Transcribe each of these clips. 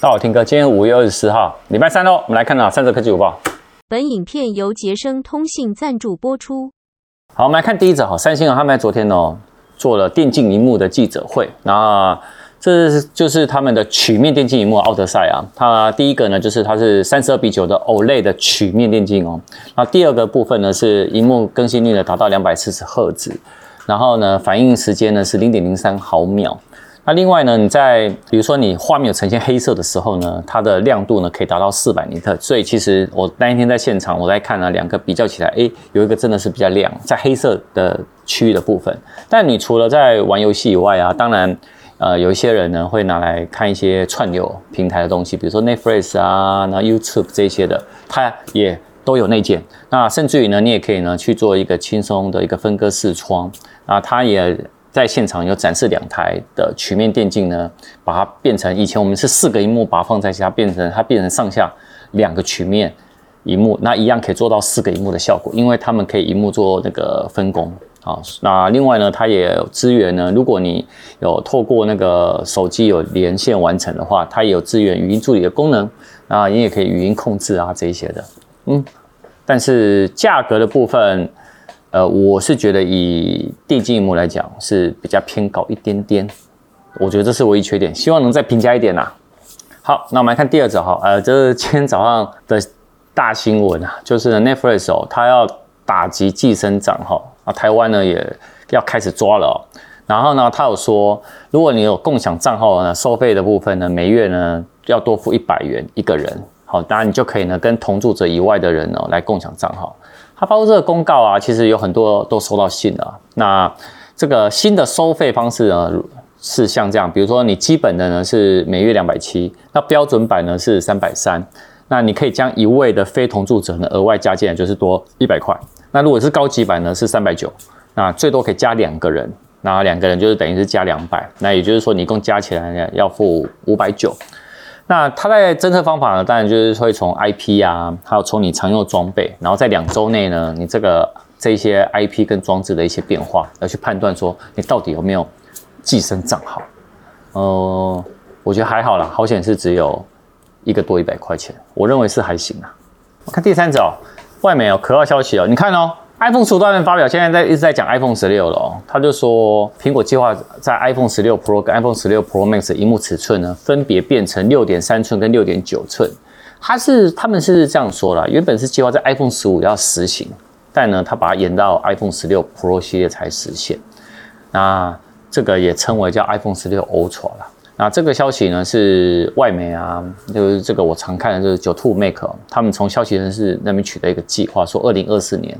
大家好，我是 Tim 哥，今天五月二十四號，禮拜三嘍。我們來看呢，三則科技午報。本影片由傑昇通信贊助播出。好，我們來看第一則哈，三星和哈曼昨天呢做了電競屏幕的記者會，然後這是就是他們的曲面電競屏幕奧德賽啊。它第一個呢就是它是三十二比九的 OLED 的曲面電競哦。那第二個部分呢是屏幕更新率呢達到兩百四十赫茲，然後呢反應時間呢是零點零三毫秒。那、啊、另外呢，你在比如說你畫面有呈現黑色的時候呢，它的亮度呢可以達到四百尼特。所以其實我那一天在現場，我在看呢兩個比較起來，哎，有一個真的是比較亮，在黑色的區域的部分。但你除了在玩遊戲以外啊，當然呃有一些人呢會拿來看一些串流平台的東西，比如說 Netflix 啊、那 YouTube 這些的，它也都有內建。那甚至於呢，你也可以呢去做一個輕鬆的一個分割視窗啊，它也。在現場有展示兩台的曲面電競呢，把它變成以前我們是四個螢幕把它放在，它變成它變成上下兩個曲面螢幕，那一樣可以做到四個螢幕的效果，因為他們可以螢幕做那個分工啊。那另外呢，它也有支援呢，如果你有透過那個手機有連線完成的話，它也有支援語音助理的功能，啊，你也可以語音控制啊這一些的。嗯，但是價格的部分。呃，我是覺得以電競螢幕來講是比較偏高一點點，我覺得這是唯一缺點，希望能再平價一點啦、啊、好，那我們來看第二則哈、哦，呃，這、就是今天早上的大新聞啊，就是 Netflix 哦，他要打擊寄生賬號啊，台灣呢也要開始抓了、哦。然後呢，他有說，如果你有共享賬號呢，那收費的部分呢，每月呢要多付一百元一個人。好，當然你就可以呢跟同住者以外的人呢、哦、來共享賬號它包括這個公告啊，其實有很多都收到信了。那這個新的收費方式呢，是像這樣，比如說你基本的呢是每月兩百七，那標準版呢是三百三，那你可以將一位的非同住者呢額外加進來，就是多一百塊。那如果是高級版呢是三百九，那最多可以加兩個人，那兩個人就是等於是加兩百，那也就是說你一共加起來呢要付五百九。那它在偵測方法呢？當然就是會從 IP 啊，還有從你常用的裝備，然後在兩週內呢，你這個這些 IP 跟裝置的一些變化，要去判斷說你到底有沒有寄生賬號。呃，我覺得還好啦，好險是只有一個多一百塊錢，我認為是還行啊。我看第三者哦,外面有可靠消息哦，你看哦。iPhone 十五方面發表，現在在一直在講 iPhone 十六了哦。他就說，蘋果計劃在 iPhone 十六 Pro 跟 iPhone 十六 Pro Max 的螢幕尺寸呢，分別變成六點三寸跟六點九寸。他是他們是這樣說的啊，原本是計劃在 iPhone 十五要實行，但呢，他把它延到 iPhone 十六 Pro 系列才實現。那這個也稱為叫 iPhone 十六 Ultra 了。那這個消息呢是外媒啊，就是這個我常看的就是 9to5Mac，他們從消息人士那邊取得一個計劃，說二零二四年。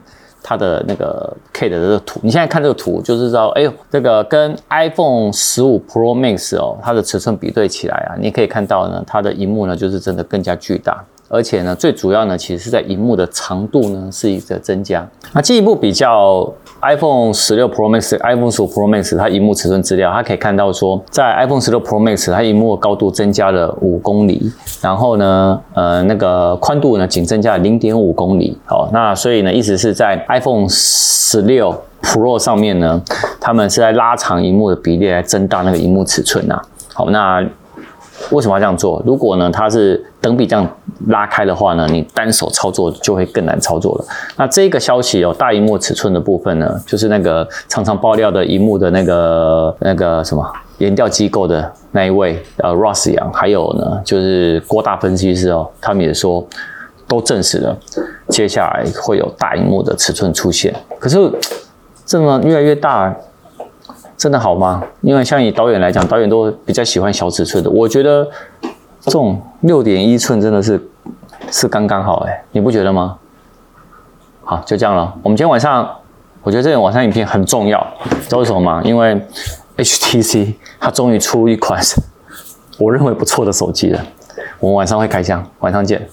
它的那個 K 的這個圖，你現在看這個圖，就是知道，哎呦，這個跟 iPhone 十五 Pro Max 哦，它的尺寸比對起來啊，你可以看到呢，它的熒幕呢就是真的更加巨大，而且呢，最主要呢，其實是在熒幕的長度呢是一個增加，那進一步比較。iPhone 16 Pro Max、iPhone 15 Pro Max，它熒幕尺寸資料，它可以看到說，在 iPhone 16 Pro Max，它熒幕的高度增加了五公里，然後呢，呃，那個寬度呢，僅增加了零點五公里。好，那所以呢，意思是在 iPhone 16 Pro 上面呢，他們是在拉長熒幕的比例來增大那個熒幕尺寸啊。好，那為什麼要這樣做？如果呢，它是等比這樣，拉開的話呢，你單手操作就會更難操作了。那這個消息哦，大螢幕尺寸的部分呢，就是那個常常爆料的螢幕的那個那個什麼研調機構的那一位呃 Ross Young，還有呢就是郭大分析師哦，他們也說都證實了，接下來會有大螢幕的尺寸出現。可是這麼越來越大，真的好嗎？因為像以導演來講，導演都比較喜歡小尺寸的，我覺得。這種六點一寸真的是是剛剛好哎，你不覺得嗎？好，就這樣了。我們今天晚上，我覺得這個晚上影片很重要，知道為什麼嗎？因為 HTC 它終於出一款我認為不錯的手機了。我們晚上會開箱，晚上見。